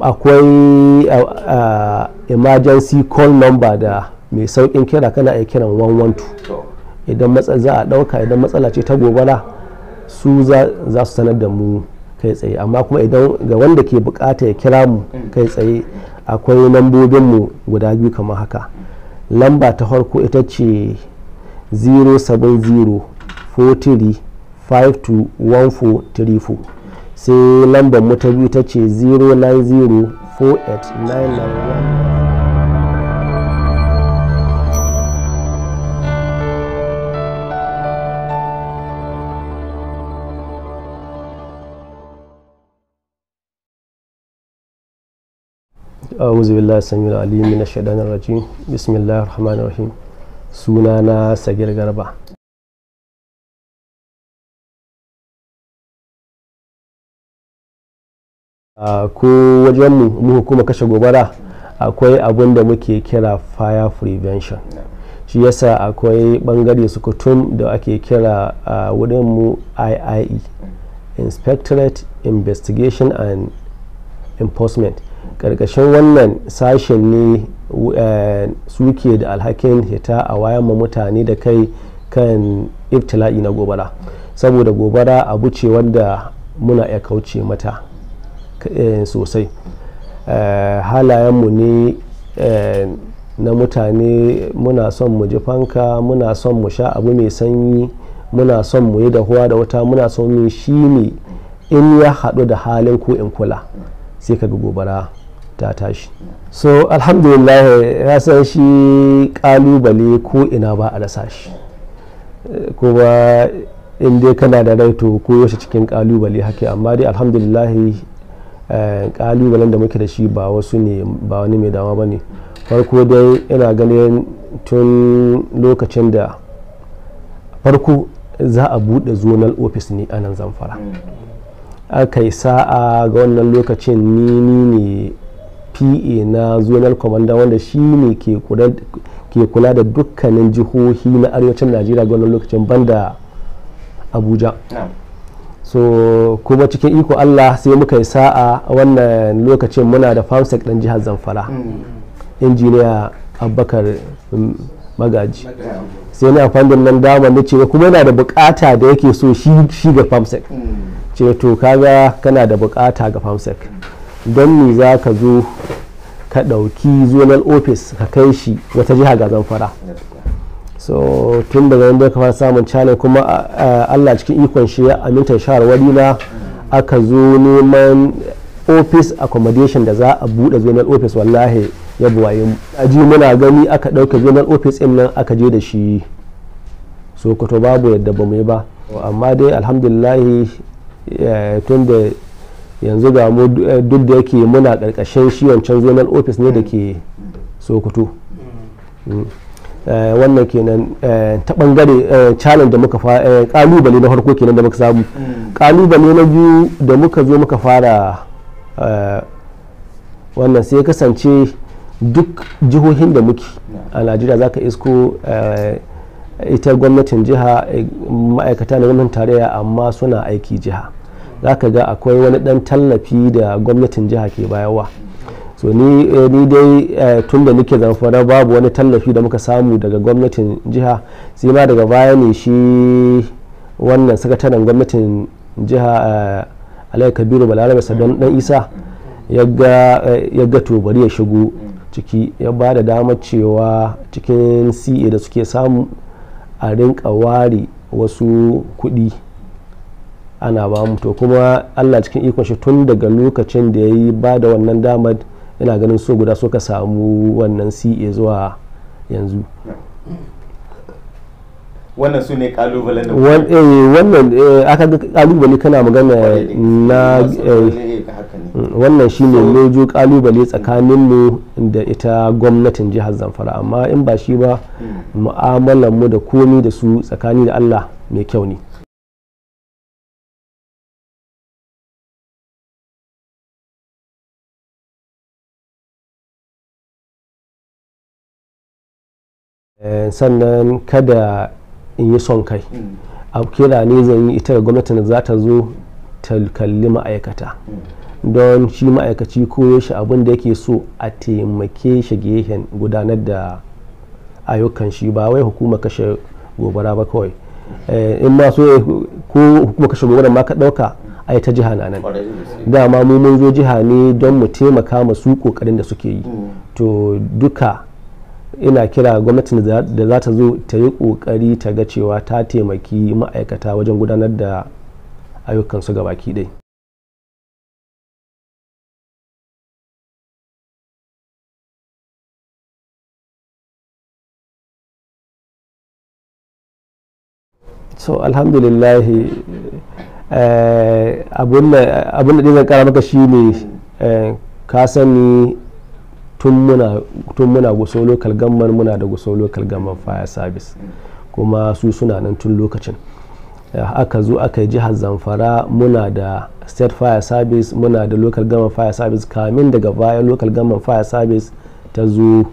akwai emergency call number da mai saukin kira kana iya kiran 112 idan matsala za a ɗauka idan matsala ce ta gobara su za su sanar da mu kai tsaye amma kuma idan ga wanda ke bukata ya kira mu kai tsaye akwai lambobin mu guda biyu kamar haka lamba ta farko ita ce 070 43 52 1434 sai lambar mu ta biyu ta ce 09048991 auzu billahi samil alim min ash-shaytanir rajim bismillahir rahmanir rahim sunana sagir garba ko wajen mu hukuma kashe gobara akwai abin da muke kira fire prevention shi yasa akwai bangare tun da ake kira wurin mu iie inspectorate investigation and enforcement karkashin wannan sashen ne suke da alhakin hita a wayan ma mutane da kai kan iftila'i na gobara saboda gobara abu ce wanda muna ya kauce mata Eh, sosai eh, halayenmu ne eh, na mutane muna son mu ji fanka muna son mu sha abu mai sanyi muna son mu yi huwa da wuta muna son mu shi ne in ya haɗu da halin ko in kula sai ka gobara ta tashi so alhamdulillah ya san shi kalubale ko ina ba a rasa shi kuma in dai kana da raito ko yaushe cikin kalubale hake amma dai alhamdulillah Eh, kalubalen da muke da shi ba wasu ne ba wani mai dama ba ne farko dai yana ganin tun lokacin da farko za a buɗe zonal ofis ne a nan zamfara mm. aka yi sa'a ga wannan lokacin ni ne pa na zonal commander wanda shi ne ke kula da dukkanin jihohi na arewacin najeriya ga wannan lokacin banda abuja so kuma cikin iko allah sai muka yi sa'a wannan lokacin muna da famsec ɗan jihar zamfara mm. injiniya abubakar magaji sai na fandin nan dama na ce kuma yana da bukata da yake so shi ga famsec mm. ce to kaga kana da bukata ga famsec don ni za ka zo ka ɗauki zonal ofis ka kai shi wata jiha ga zamfara so tun daga yadda ka fara samun channel kuma allah cikin ikon shi ya aminta shawarwari na aka zo neman office accommodation da za a bude zonal office wallahi ya buwaye a aji muna gani aka ɗauke zonal office ɗin nan aka je da shi sokoto babu yadda ba mu ba amma dai alhamdulillahi eh, tun da yanzu ga mu eh, duk da yake muna karkashin shi wancan zonal office ne da ke sokoto mm. Mm. Eh, wannan kenan eh, ta bangare eh, challenge da muka fara kalubale na harko kenan da muka samu kalubale mm. na biyu da muka zo muka fara wannan sai kasance duk jihohin da muke a najeriya za ka isko ita gwamnatin jiha ma'aikata na gwamnatin tarayya amma suna aiki jiha za ka ga akwai wani dan tallafi da gwamnatin jiha ke bayarwa. so ni eh, dai eh, tun da nake zamfara babu wani tallafi da muka samu daga gwamnatin jiha sai ma daga baya ne shi wannan sakataren gwamnatin jiha eh, alai kabiru balarabe sadan mm. dan isa ya ga to bari ya shigo ciki ya ba da damar cewa cikin ce da suke samu a rinka ware wasu kuɗi ana ba mu to kuma allah cikin ikon shi tun daga lokacin da ya yi ba da wannan damar ina ganin so guda so ka samu wannan ca zuwa yanzu wannan su ne kalubale da eh, wannan eh, aka ga kalubale kana magana na eh, mm, wannan shi ne mejo kalubale tsakanin mu da ita gwamnatin jihar zamfara amma in ba shi ba mm. mu'amalar mu da komi da su tsakani da allah mai kyau ne Eh, sannan kada in yi son kai hmm. a kira ne zan yi ita gwamnatin za ta zo ta kalli ma'aikata hmm. don shi ma'aikaci koyo shi abin da yake so a taimake shi gehen gudanar da ayyukan shi ba wai hukuma kashe gobara ba kawai eh, in ma so ko hukuma kashe gobara ma ka dauka ai ta jiha na nan dama mu mun zo jiha ne don mu taimaka masu kokarin da suke yi hmm. to duka ina kira gwamnatin da za ta zo ta yi kokari ta ga cewa ta taimaki ma'aikata wajen gudanar da ayyukansu ga baki dai. so alhamdulillah eh, abun da zan kara maka ne eh, ka sani tun muna guso local gamman muna da guso local gamman fire service kuma su suna nan tun lokacin eh, aka zo aka yi jihar zamfara muna da state fire service muna da local gamman fire service kamin daga baya local gamman fire service ta zo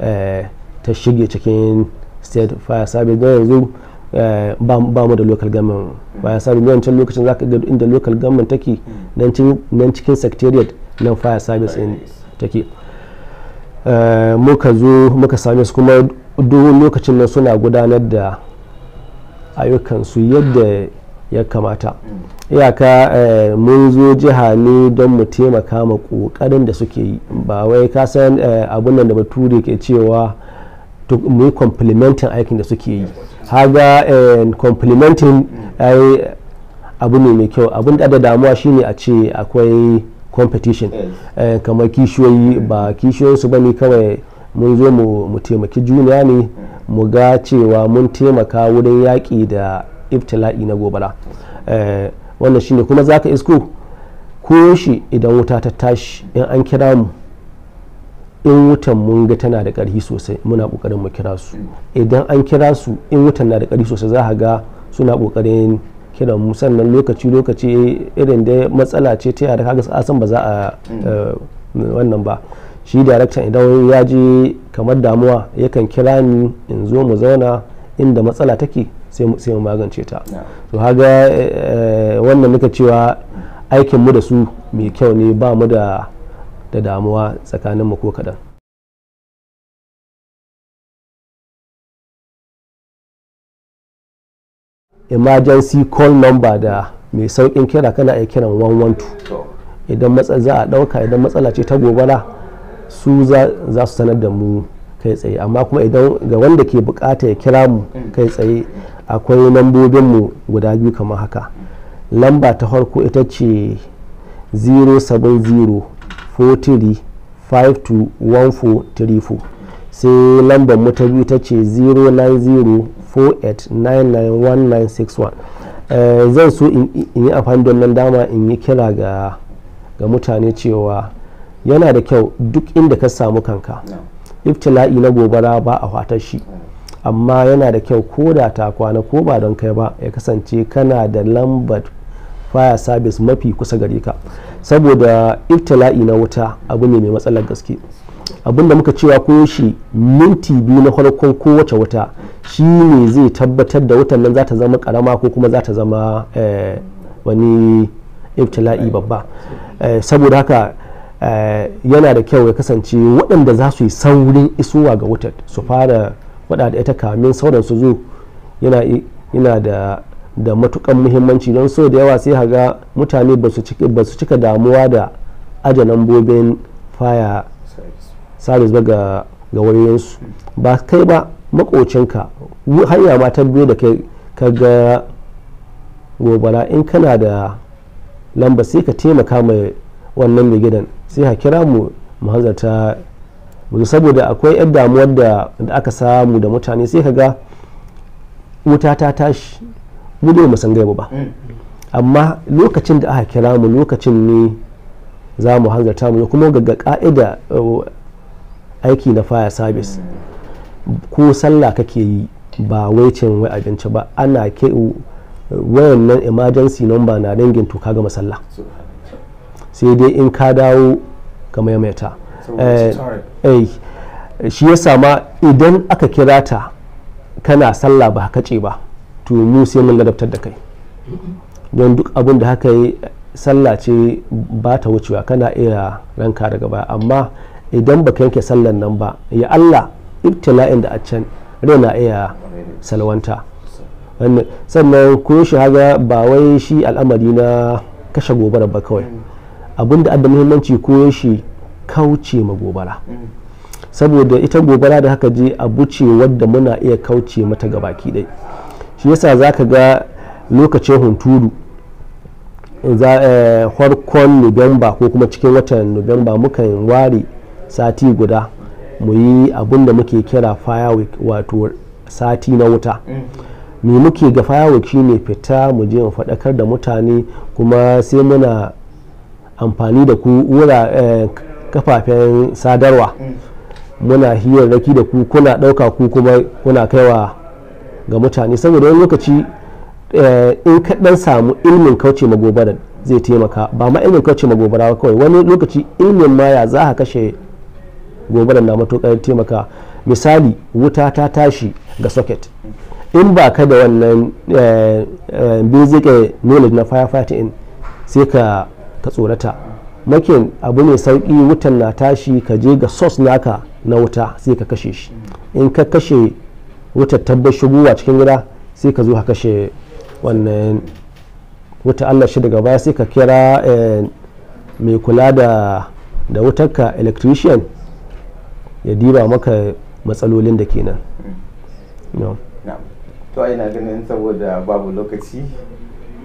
eh, ta shige cikin state fire service don yanzu eh, ba mu da local gamman fire service wancan lokacin zaka ga inda local gamman take nan cikin secretariat nan fire service take Eh, muka zo muka same su kuma duk lokacin nan suna gudanar da ayyukansu yadda ya kamata iyaka eh, mun zo jiha ne don mu taimaka ma kokarin da suke yi ba wai ka san eh, abun nan da bature ke cewa mu yi aikin da suke yi haga complimentin abu ne mai kyau abun da damuwa shine a ce akwai competition eh, kamar kishiyoyi ba kishiyoyinsu ba ne kawai mun zo mu taimaki juna ne mu ga cewa mun taimaka wurin yaƙi da iftila'i na gobara eh, wannan shine kuma za ka isko ko shi idan wuta ta tashi in an kira mu in wutan mun ga tana da ƙarfi sosai muna ƙoƙarin mu kira su mm. idan an kira su in wutan na da ƙarfi sosai za ga suna ƙoƙarin kiran mu sannan lokaci lokaci eh, irin da matsala ce ta yara kaga a san ba za a mm. eh, wannan ba shi daraktan idan ya ji kamar damuwa yakan kira ni in zo mu zauna inda matsala take sai mu magance ta to haga eh, wannan muka cewa aikin mu da su mai kyau ne ba mu da damuwa tsakanin mu ko kadan emergency call number da mai saukin kira kana iya kiran 112 idan matsala za a ɗauka idan matsala ce ta gobara su za su sanar da mu kai tsaye amma kuma idan ga wanda ke bukata ya kira mu kai tsaye akwai lambobin mu guda biyu kamar haka lamba ta farko ita ce 070 43 sai lambar mu ta biyu ta ce 090 08991961 eh, zan so in yi amfani da wannan dama in yi kira ga mutane cewa yana da kyau duk inda ka samu kanka iftila'i na gobara ba a hatar shi amma yana da kyau ko da ta kwana ko ba don kai ba ya kasance kana da lambar fire service mafi kusa gare ka saboda iftila'i na wuta abu ne mai matsalar gaske abinda muka cewa ko shi minti biyu na farkon kowace wata shi ne zai tabbatar da watan nan za ta zama karama ko kuma za ta zama eh, wani ibtila'i babba eh, saboda haka eh, yana da kyau ya kasance waɗanda za su yi saurin isowa ga watan su fara faɗa da ita kamin sauran su zo yana da da matukan muhimmanci don so da yawa sai haga mutane ba su cika damuwa da aje lambobin faya sabis ba ga su ba kai ba makocinka hanya ma ta biyu da kai ka ga gobara in kana da lamba sai ka taimaka mai wannan mai gidan sai ka kira mu mu hanzarta saboda akwai yan damuwar da aka samu da mutane sai ka ga wuta ta tashi mu dai mu san gaibu ba mm. amma lokacin da aka kira mu lokacin ne za mu hanzarta mu kuma ga ka'ida aiki na fire service ko sallah kake yi ba wai wai abinci ba ana ke wayan nan emergency number na dangin to kaga masalla sai dai in ka dawo ka maimaita eh, eh, shi ya sama idan aka kira ta kana sallah ba kace ba to mu sai mun ladabtar da kai don duk abin da haka yi sallah ce ba ta wucewa kana iya ranka daga baya amma idan baka yanke sallan nan ba ya Allah ibtila'in da a can na iya salwanta sannan ko shi haga ba wai shi al'amari na kashe gobara ba kawai abin da adda muhimmanci ko shi kauce ma gobara saboda ita gobara da haka je abu ce wadda muna iya kauce mata ga baki dai shi yasa za ka ga lokacin hunturu eh, farkon nuwamba ko kuma cikin watan nuwamba mukan ware sati guda mu yi abin da muke kira firework wato sati na wuta mm. me muke ga firework shine fita mu je mu faɗakar da mutane kuma sai muna amfani da ku wura eh, kafafen sadarwa mm. muna hirarraki da ku kuna ɗauka ku kuma kuna kaiwa ga mutane saboda wani lokaci eh, in kaɗan samu ilmin kauce magobara zai taimaka ba ma ilmin kauce magobara kawai wani lokaci ilmin maya za a kashe gobaran na matuƙar taimaka misali wuta ta tashi ga socket in ba ka da wannan eh, eh, basic knowledge na firefighting sai ka tsorata makin abu ne sauki wutan na tashi ka je ga source naka na wuta sai ka kashe shi in ka kashe wutar tabbar shigowa cikin gida sai ka zo ka kashe wannan wuta allah shi daga baya sai ka kira eh, mai kula da wutarka electrician ya diba maka matsalolin da kenan mm. to ina ganin saboda babu lokaci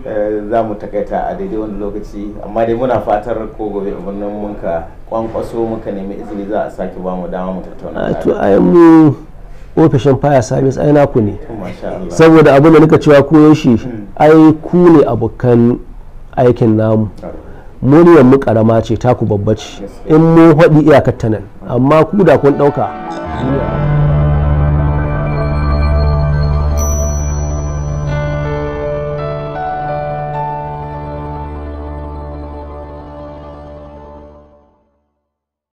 eh, za mu takaita a daidai wani lokaci amma dai muna fatar ko gobe birnin ka kwankwaso muka nemi izini za a sake ba mu dama mu tattauna to a mu ofishin fire service ai naku ne saboda abin da nika cewa ko shi mm. ai ku ne abokan aikin namu muliyan mu karama ce taku babba ce in mun haɗi iyakar ta nan amma ku da kun ɗauka